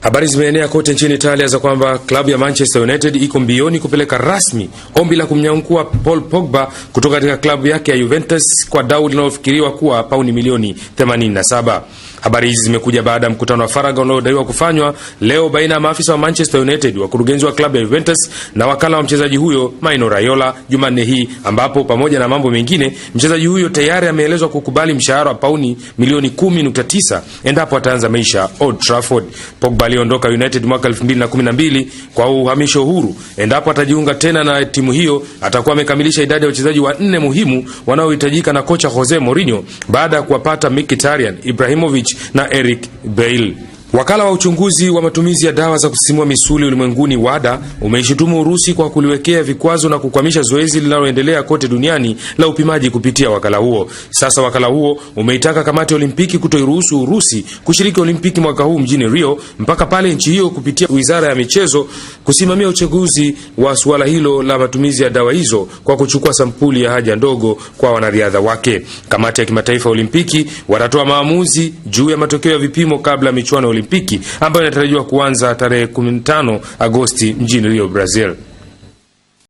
Habari zimeenea kote nchini Italia za kwamba klabu ya Manchester United iko mbioni kupeleka rasmi ombi la kumnyankua Paul Pogba kutoka katika klabu yake ya Juventus kwa dau linalofikiriwa kuwa pauni milioni 87. Habari hizi zimekuja baada ya mkutano wa faragha unaodaiwa kufanywa leo baina ya maafisa wa Manchester United, wakurugenzi wa klabu ya Juventus na wakala wa mchezaji huyo Maino Raiola Jumanne hii, ambapo pamoja na mambo mengine mchezaji huyo tayari ameelezwa kukubali mshahara wa pauni milioni 10.9 endapo ataanza maisha Old Trafford. Pogba aliondoka United mwaka 2012 kwa uhamisho huru. Endapo atajiunga tena na timu hiyo, atakuwa amekamilisha idadi ya wachezaji wanne muhimu wanaohitajika na kocha Jose Mourinho baada ya kuwapata Mkhitaryan, Ibrahimovic Belich na Eric Bail. Wakala wa uchunguzi wa matumizi ya dawa za kusisimua misuli ulimwenguni WADA umeishutumu Urusi kwa kuliwekea vikwazo na kukwamisha zoezi linaloendelea kote duniani la upimaji kupitia wakala huo. Sasa wakala huo umeitaka kamati ya Olimpiki kutoiruhusu Urusi kushiriki Olimpiki mwaka huu mjini Rio mpaka pale nchi hiyo kupitia wizara ya michezo kusimamia uchunguzi wa suala hilo la matumizi ya dawa hizo kwa kuchukua sampuli ya haja ndogo kwa wanariadha wake. Kamati ya kimataifa ya Olimpiki watatoa maamuzi juu ya matokeo ya vipimo kabla michuano Olimpiki ambayo inatarajiwa kuanza tarehe 15 Agosti mjini Rio, Brazil.